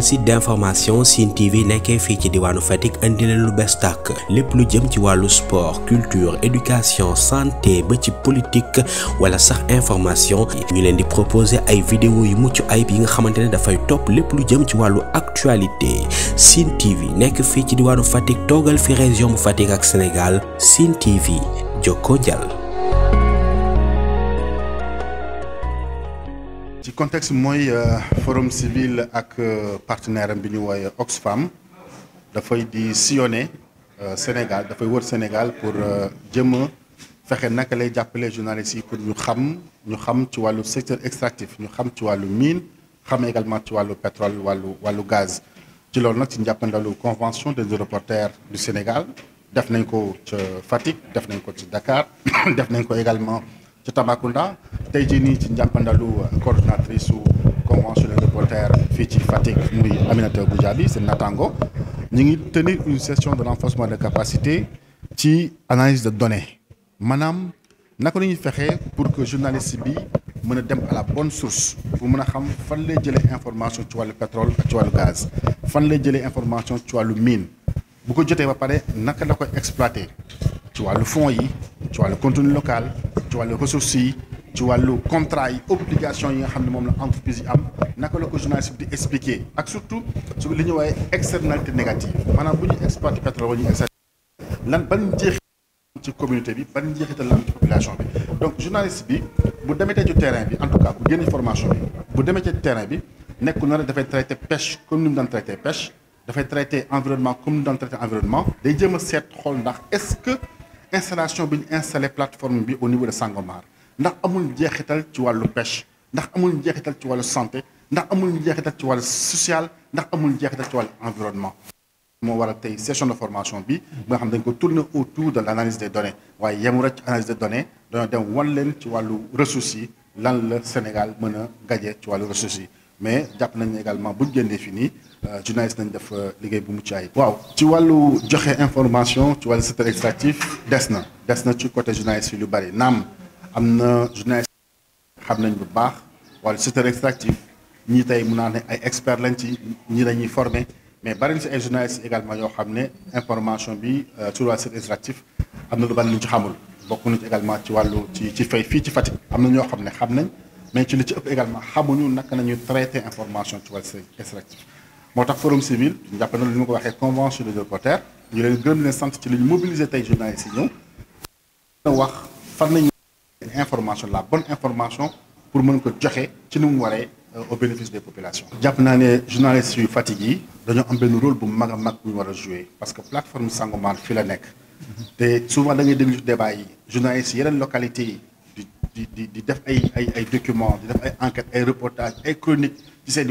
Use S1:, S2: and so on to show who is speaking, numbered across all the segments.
S1: site d'information sin TV qu'un fichier ci diwanu Fatick andi leen lu bees tàkk plus lu jëm ci sport culture éducation santé ba ci politique wala sax information ñu leen di proposer ay vidéo yu muccu ay bi nga xamantene le top top lepp lu jëm ci walu actualité sin TV nek fi ci diwanu Fatick togal fi région bu ak Sénégal TV joko
S2: ci contexte mooy euh, forum civil ak euh, partenaire am bi ñu woowee Oxfam dafay di sillonner euh, Sénégal dafay wër Sénégal pour jëm a fexe naka lay jàppale journalistes pour ñu xam ñu xam ci wàllu secteur extractif ñu xam ci wàllu mine xam également ci wàllu pétrole wàllu wàllu gaz. ci loolu nag ci njàppandalu convention des reporters du Sénégal def nañ ko ca Fatick def nañ ko ci Dakar def nañ ko également ci suis tey jii nii ci njàppandalu coordonnatrice su convention de reporters fii ci Fatick de Aminata c'est natango Nous ngi tenir une session de renforcement de capacité ci analyse de données Madame, nous avons fait pour que journaliste bi mën aller à la bonne source pour que a xam fan lay sur information pétrole et le gaz fan lay jëlee information ci wàllu mine bu ko jotee ba pare Nous la exploiter ci fonds yi ci contenu local vois les ressources tu vois le contrat les obligation yi nga a journaliste surtout li ñu externalité négative bu pétrole communauté la population journaliste vous bu du terrain en tout cas bu une formation bi bu terrain bi na traiter pêche comme nous dans pêche traiter environnement comme nous traiter environnement day est-ce que installation bi de installé plateforme bi au niveau de Sangomar ndax amul tu ci walu pêche ndax amul tu ci walu santé ndax amul tu ci walu social ndax amul njeexital ci walu environnement. mo waral tay session de formation bi nga xam dañ ko tourner autour de l'analyse des données il y a ci analyse des données dañoo dem wan leen ci walu ressources yi le Sénégal mën a ci walu ressources mais japp nañ également buñu ñu fini euh, journaliste nañ def euh, liggéey bu mucc ayib. waaw ci wàllu joxe information ci wàllu secteur extractif des na des ci côté journaliste yi bari Nam, am journaliste xam nañ bu baax wàllu secteur extractif ñii tey mun naa ay expert lañ ci ñii dañuy former mais bari na si ay journalistes également yo xam information bi euh, sur wàllu secteur extractif am na lu bari lu ñu ci xamul bokk na également ci wàllu ci ci fay fi, ci Fatick am na ñoo xam mais ci li ci ëpp également xamuñu naka nañu traité information ci wàllu secteur extractif le forum civil nous avons na convention de reporters Nous avons une l'instant sant ci mobiliser les journalistes Nous avons wax information la bonne information pour que nous puissions ci euh, au bénéfice des populations Les naa journalistes yu fatigué un dañoo am rôle pour jouer parce que la plateforme Sangomar fait la nek souvent dans les débats, journalistes sont dans localité di di di documents des enquêtes des reportages des chroniques ci seen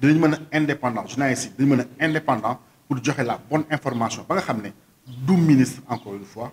S2: de mën indépendants, je n'ai ici, de pour dire la bonne information ba nga xam du ministre encore une fois